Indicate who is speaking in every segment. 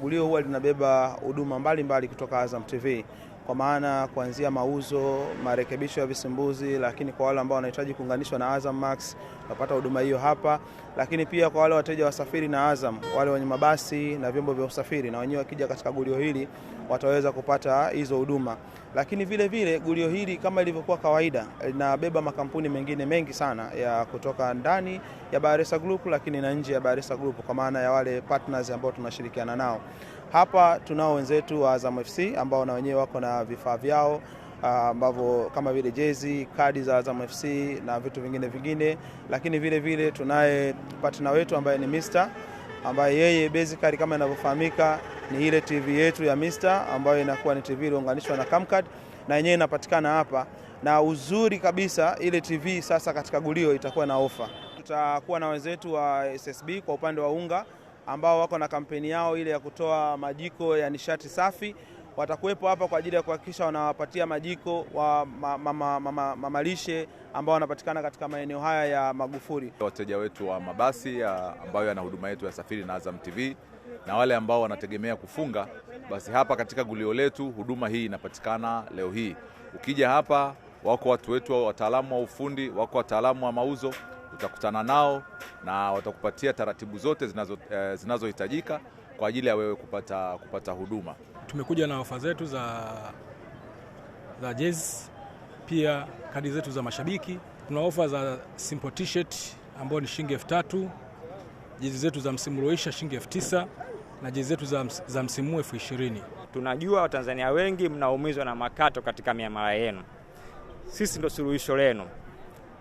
Speaker 1: Gulio huwa linabeba huduma mbalimbali kutoka Azam TV kwa maana kuanzia mauzo, marekebisho ya visimbuzi, lakini kwa wale ambao wanahitaji kuunganishwa na Azam Max wapata huduma hiyo hapa, lakini pia kwa wale wateja wasafiri na Azam, wale wenye mabasi na vyombo vya usafiri, na wenyewe wakija katika gulio hili wataweza kupata hizo huduma. Lakini vile vile gulio hili kama ilivyokuwa kawaida linabeba makampuni mengine mengi sana ya kutoka ndani ya Baresa Group, lakini na nje ya Baresa Group, kwa maana ya wale partners ambao tunashirikiana nao hapa tunao wenzetu wa Azam FC ambao na wenyewe wako na vifaa vyao ah, ambavyo kama vile jezi, kadi za Azam FC na vitu vingine vingine, lakini vile vile tunaye partner wetu ambaye ni Mr ambaye yeye basically kama inavyofahamika ni ile TV yetu ya Mr ambayo inakuwa ni TV iliyounganishwa na Camcard na yenyewe inapatikana hapa, na uzuri kabisa ile TV sasa katika gulio itakuwa na ofa. Tutakuwa na wenzetu wa SSB kwa upande wa unga ambao wako na kampeni yao ile ya kutoa majiko ya nishati safi watakuwepo hapa kwa ajili ya kuhakikisha wanawapatia majiko wa mama, mama, mama, mama ambao wanapatikana katika maeneo haya ya Magufuli.
Speaker 2: Wateja wetu wa mabasi ya ambayo yana huduma yetu ya Safiri na Azam TV na wale ambao wanategemea kufunga, basi hapa katika gulio letu huduma hii inapatikana leo hii. Ukija hapa, wako watu wetu wataalamu wa ufundi, wako wataalamu wa mauzo, utakutana nao na watakupatia taratibu zote eh, zinazohitajika eh, zinazo kwa ajili ya wewe kupata, kupata huduma.
Speaker 3: Tumekuja na ofa zetu za, za jezi pia kadi zetu za mashabiki. Tuna ofa za simple t-shirt ambayo ni shilingi elfu tatu, jezi zetu za msimu ulioisha shilingi elfu tisa na jezi zetu za, za msimu elfu ishirini.
Speaker 4: Tunajua Watanzania wengi mnaumizwa na makato katika miamala yenu, sisi ndo suluhisho lenu.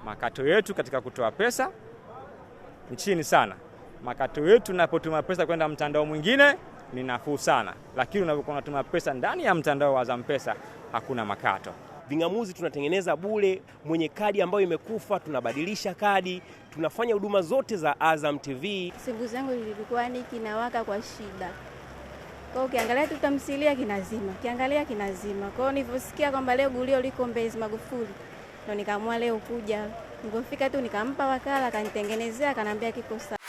Speaker 4: Makato yetu katika kutoa pesa ni chini sana. Makato yetu napotuma pesa kwenda mtandao mwingine ni nafuu sana, lakini unapokuwa unatuma pesa ndani ya mtandao wa pesa hakuna makato.
Speaker 5: Ving'amuzi tunatengeneza bure. Mwenye kadi ambayo imekufa tunabadilisha kadi, tunafanya huduma zote za Azam TV.
Speaker 6: Simu zangu ilikuwa ni kinawaka kwa shida, kwa ukiangalia tu tamthilia kinazima, ukiangalia kinazima. Kwa hiyo nilivyosikia kwamba leo gulio liko Mbezi Magufuli, ndo nikaamua leo kuja. Nilipofika tu nikampa wakala, akanitengenezea, akanambia kiko sawa.